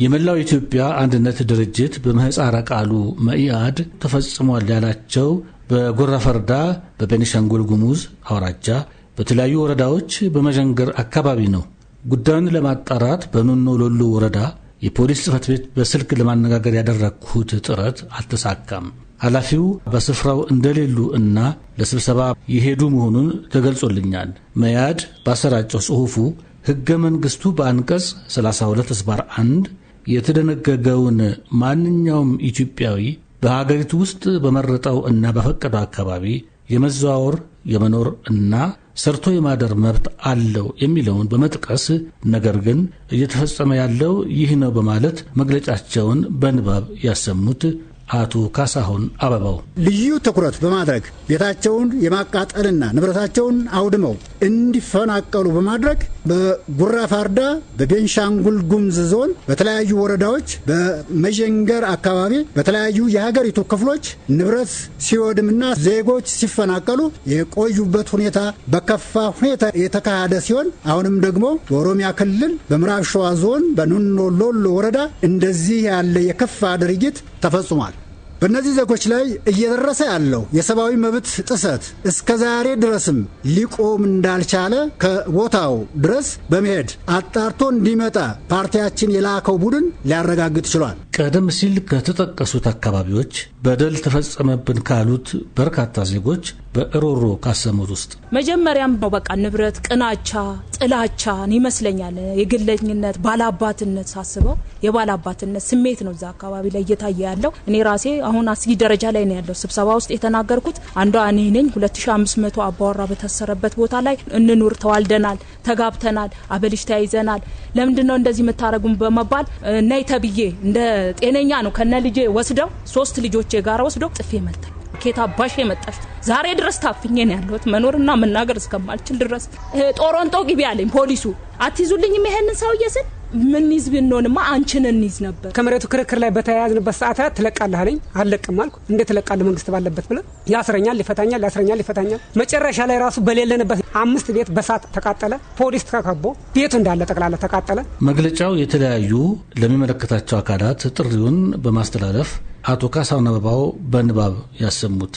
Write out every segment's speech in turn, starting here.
የመላው ኢትዮጵያ አንድነት ድርጅት በምህፃረ ቃሉ መኢአድ ተፈጽሟል ያላቸው በጉራ ፈርዳ፣ በቤኒሻንጉል ጉሙዝ አውራጃ፣ በተለያዩ ወረዳዎች በመዠንገር አካባቢ ነው። ጉዳዩን ለማጣራት በኖኖ ሎሎ ወረዳ የፖሊስ ጽፈት ቤት በስልክ ለማነጋገር ያደረግኩት ጥረት አልተሳካም። ኃላፊው በስፍራው እንደሌሉ እና ለስብሰባ የሄዱ መሆኑን ተገልጾልኛል። መያድ ባሰራጨው ጽሑፉ ሕገ መንግሥቱ በአንቀጽ 32 ስባር 1 የተደነገገውን ማንኛውም ኢትዮጵያዊ በሀገሪቱ ውስጥ በመረጠው እና በፈቀደው አካባቢ የመዘዋወር የመኖር እና ሰርቶ የማደር መብት አለው የሚለውን በመጥቀስ ነገር ግን እየተፈጸመ ያለው ይህ ነው በማለት መግለጫቸውን በንባብ ያሰሙት አቶ ካሳሁን አበባው ልዩ ትኩረት በማድረግ ቤታቸውን የማቃጠልና ንብረታቸውን አውድመው እንዲፈናቀሉ በማድረግ በጉራ ፋርዳ፣ በቤንሻንጉል ጉምዝ ዞን በተለያዩ ወረዳዎች፣ በመዠንገር አካባቢ በተለያዩ የሀገሪቱ ክፍሎች ንብረት ሲወድምና ዜጎች ሲፈናቀሉ የቆዩበት ሁኔታ በከፋ ሁኔታ የተካሄደ ሲሆን አሁንም ደግሞ በኦሮሚያ ክልል በምዕራብ ሸዋ ዞን በኑኖ ሎሎ ወረዳ እንደዚህ ያለ የከፋ ድርጊት ተፈጽሟል። በእነዚህ ዜጎች ላይ እየደረሰ ያለው የሰብአዊ መብት ጥሰት እስከ ዛሬ ድረስም ሊቆም እንዳልቻለ ከቦታው ድረስ በመሄድ አጣርቶ እንዲመጣ ፓርቲያችን የላከው ቡድን ሊያረጋግጥ ችሏል። ቀደም ሲል ከተጠቀሱት አካባቢዎች በደል ተፈጸመብን ካሉት በርካታ ዜጎች በእሮሮ ካሰሙት ውስጥ መጀመሪያም በቃ ንብረት ቅናቻ ጥላቻን ይመስለኛል። የግለኝነት ባላባትነት ሳስበው የባላባትነት ስሜት ነው እዛ አካባቢ ላይ እየታየ ያለው። እኔ ራሴ አሁን አስጊ ደረጃ ላይ ነው ያለው። ስብሰባ ውስጥ የተናገርኩት አንዷ እኔ ነኝ። 2500 አባወራ በታሰረበት ቦታ ላይ እንኑር፣ ተዋልደናል፣ ተጋብተናል፣ አበልሽ ተያይዘናል፣ ለምንድን ነው እንደዚህ የምታደረጉም በመባል ነይ ተብዬ እንደ ጤነኛ ነው ከነ ልጄ ወስደው ሶስት ልጆቼ ጋር ወስደው ጥፌ መልተኝ ከየት አባሽ የመጣሽ? ዛሬ ድረስ ታፍኜ ነው ያለሁት መኖርና መናገር እስከማልችል ድረስ ጦሮንጦ ግቢ አለኝ ፖሊሱ። አትይዙልኝም ይሄንን ሰውዬ ስል ምን ይዝ ብንሆንማ አንቺን እንይዝ ነበር። ከመሬቱ ክርክር ላይ በተያያዝንበት ሰዓት ትለቃለህ አለኝ። አለቅም አልኩ። እንዴ እለቃለሁ መንግስት ባለበት ብለ ያስረኛል፣ ሊፈታኛል፣ ያስረኛል፣ ሊፈታኛል። መጨረሻ ላይ ራሱ በሌለንበት አምስት ቤት በሳት ተቃጠለ። ፖሊስ ተከቦ ቤቱ እንዳለ ጠቅላላ ተቃጠለ። መግለጫው የተለያዩ ለሚመለከታቸው አካላት ጥሪውን በማስተላለፍ አቶ ካሳሁን አበባው በንባብ ያሰሙት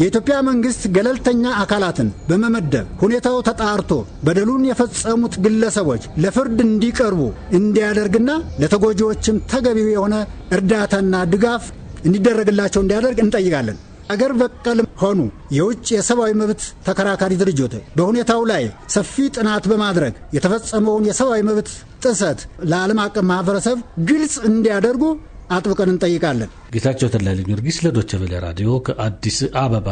የኢትዮጵያ መንግስት ገለልተኛ አካላትን በመመደብ ሁኔታው ተጣርቶ በደሉን የፈጸሙት ግለሰቦች ለፍርድ እንዲቀርቡ እንዲያደርግና ለተጎጂዎችም ተገቢው የሆነ እርዳታና ድጋፍ እንዲደረግላቸው እንዲያደርግ እንጠይቃለን። አገር በቀል ሆኑ የውጭ የሰብአዊ መብት ተከራካሪ ድርጅቶች በሁኔታው ላይ ሰፊ ጥናት በማድረግ የተፈጸመውን የሰብአዊ መብት ጥሰት ለዓለም አቀፍ ማህበረሰብ ግልጽ እንዲያደርጉ አጥብቀን እንጠይቃለን። ጌታቸው ተላለ ጊዮርጊስ ለዶቸ ቬለ ራዲዮ ከአዲስ አበባ